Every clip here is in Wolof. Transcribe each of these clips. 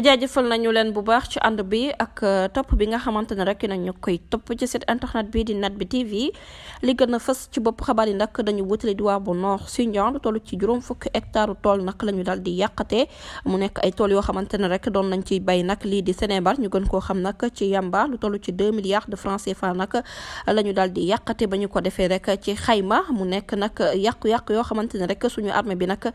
jaajëfal nañu leen bu baax ci ànd bi ak euh, topp bi nga xamante ne rek nañu koy topp ci set internet bi di Net Bi TV li gën a fës ci bopp xabaar yi nag dañu wutale diwaan bu nord si Ndian lu toll ci juróom fukki hectare tool nag la ñu daal di yàqate mu nekk ay tool yoo xamante ne rek doon nañ ci bay nag lii di Sénégal ñu gën koo xam nag ci yamba lu toll ci 2 milliards de francs CFA nag la ñu daal di yàqate ba ñu ko defee rek ci xayma mu nekk nag yàqu yàq yoo xamante ne rek suñu armée bi nag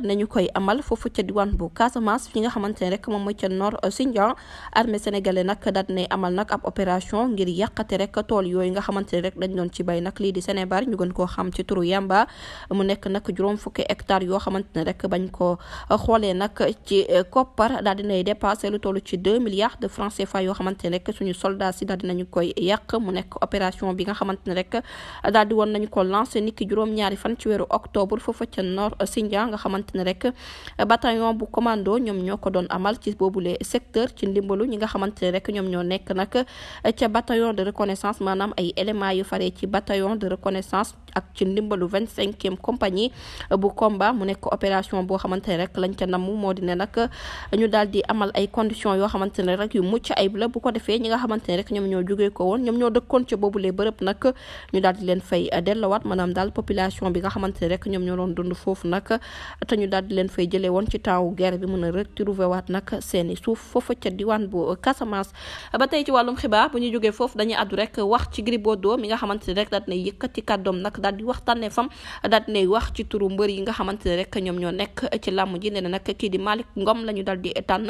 dinañu koy amal foofu ca diwaan bu Casamance fi nga xamante ne rek moom mooy ca nord Sindian armée sénégalais nag daat nay amal nag ab opération ngir yàqate rek tool yooyu nga xamante ne rek dañ doon ci bay nag lii di Sénébar ñu gën koo xam ci turu Yamba mu nekk nag juróom fukki yoo xamante ne rek bañ ko xoolee nag ci koppar daal dinay dépassé lu toll ci deux milliards de francs CFA yoo xamante ne rek suñu soldats si daal dinañu koy yàq mu nekk opération bi nga xamante ne rek daal di woon nañu ko lancé niki juróom-ñaari fan ci weeru octobre foofa ca nord Sindian nga xamante ne rek bataillon bu commando ñoom ñoo ko ci boobule secteur ci ndimbalu ñi nga xamante ne rek ñoom ñoo nekk nag eh, ca bataillon de reconnaissance maanaam ay éléments yu faree ci bataillon de reconnaissance ak ci ndimbalu vingt cinquième compagnie eh, bu combat mu nekk opération boo xamante ne rek lañ ca namu moo di ne nag eh, ñu daal di amal ay condition yoo xamante ne rek yu mucc ayib la bu ko defee ñi nga xamante ne rek ñoom ñoo jugee ko woon ñoom ñoo dëkkoon ca boobulee bërëb nag ñu daal di leen fay dellowaat maanaam daal population bi nga xamante ne rek ñoom ñoo doon dund foofu nag te ñu daal di leen fay jëlee woon ci temps guerre bi mën a retrouver waat nag ak seeni suuf foofa ca diwaan bu Casamance ba tey ci wàllum xibaar bu ñu jógee foofu dañuy àddu rek wax ci Gris Bordeaux mi nga xamante ne rek daal dinay yëkkati kàddoom nag daal di waxtaanee fam daal dinay wax ci turu mbër ñoom ñoo nekk ci làmm ji na nag kii di Malick Ngom la ñu daal di tànn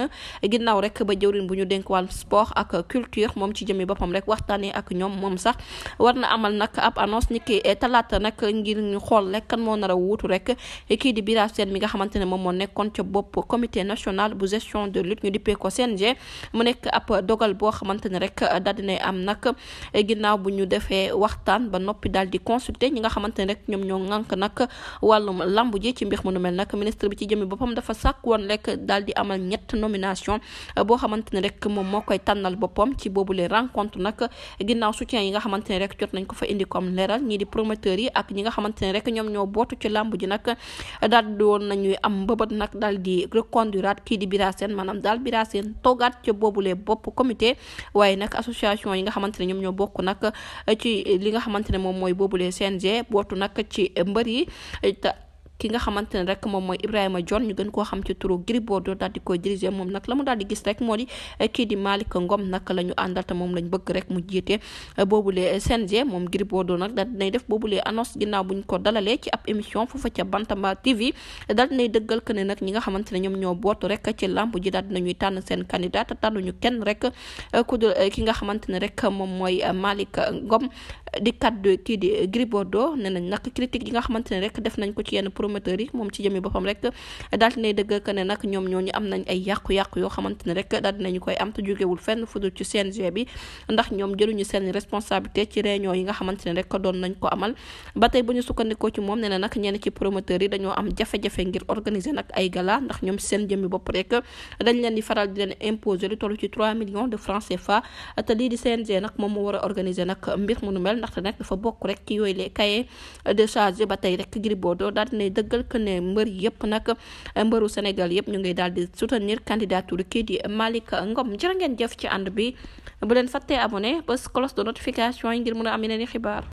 ba jëwrin bu ñu dénk wàllum sport ak culture moom ci jëmmi boppam rek waxtaanee ak ñoom moom sax war na amal nag ab annonce ni ki eh, talaata nag ngir ñu xool rek moo nar a wuutu rek kii di Bira Sène mi nga xamante ne moom moo nekkoon de lutte ñu dippee ko CNG mu nekk ab dogal boo xamante ne rek daal dinay am nag ginnaaw bu ñu defee waxtaan ba noppi daal di consulter ñi nga xamante ne rek ñoom ñoo ŋànk nag wàllum lamb ji ci mbir mu nu mel nag ministre bi ci jëmmi boppam dafa sàkk woon rek daal di amal ñett nomination boo xamante ne rek moom moo koy tànnal boppam ci boobu les rencontre nag ginnaaw soutien yi nga xamante ne rek jot nañ ko fa indi comme leeral ñii di promoteurs yi ak ñi nga xamante ne rek ñoom ñoo bootu ci lamb ji nag daal di woon nañuy am mbëbët nag daal di reconduiraat kii di Bira seen maanaam daal Bira Sène toogaat ca boobule bopp comité waaye nag association yi nga xamante ne ñoom ñoo bokk nag ci li nga xamante ne moom mooy boobule CNG bootu nag ci mbër yi ki nga xamante ne rek moom mooy Ibrahima John ñu gën koo xam ci turu Gris Bordeaux daal di koy diriger moom nag la mu daal di gis rek moo di eh, kii di Malick Ngom nag la ñu àndal te moom lañ bëgg rek mu jiite eh, boobulee CNG moom Gris Bordeaux nag daal dinay def boobulee annonce ginnaaw ñu ko dalalee ci ab émission foofa ca Bantamba TV daal dinay dëggal que ne nag ñi nga xamante ne ñoom ñoo bootu rek ci làmb ji daal tànn seen candidat te ñu kenn rek eh, ku dul ki nga xamante ne rek moom mooy Malick Ngom di kaddu kii di Gris Bordeaux ne nañ nag critique yi nga xamante ne rek def nañ ko ci yenn promoteurs yi moom ci jëmi boppam rek daal dinay dëgg que ne nag ñoom ñooñu am nañ ay yàqu yoo xamante ne rek dinañu koy am te jógewul fenn fudul ci CNG bi ndax ñoom jëluñu seen responsabilité ci réunion yi nga xamante ne rek doon nañ ko amal ba tey bu ñu sukkandikoo ci moom ne na nag ñenn ci promoteurs yi dañoo am jafe-jafe ngir nag ay gala ndax ñoom seen jëmmi bopp rek dañ leen di faral di leen imposer lu toll ci 3 millions de francs fa te lii di CNG nag moom mu war a organiser nag mbir mu nu mel ndaxte nag dafa bokk rek ci yooyu les cahiers de charge ba tey rek Gris Bordeaux daal dinay dëggal que ne mbër yëpp nag mbëru Sénégal yëpp ñu ngi daal di soutenir candidature kii di Malick Ngom jërë ngeen jëf ci ànd bi bu leen fàttee abonné bés cloche de notification yi ngir mën a am yeneen xibaar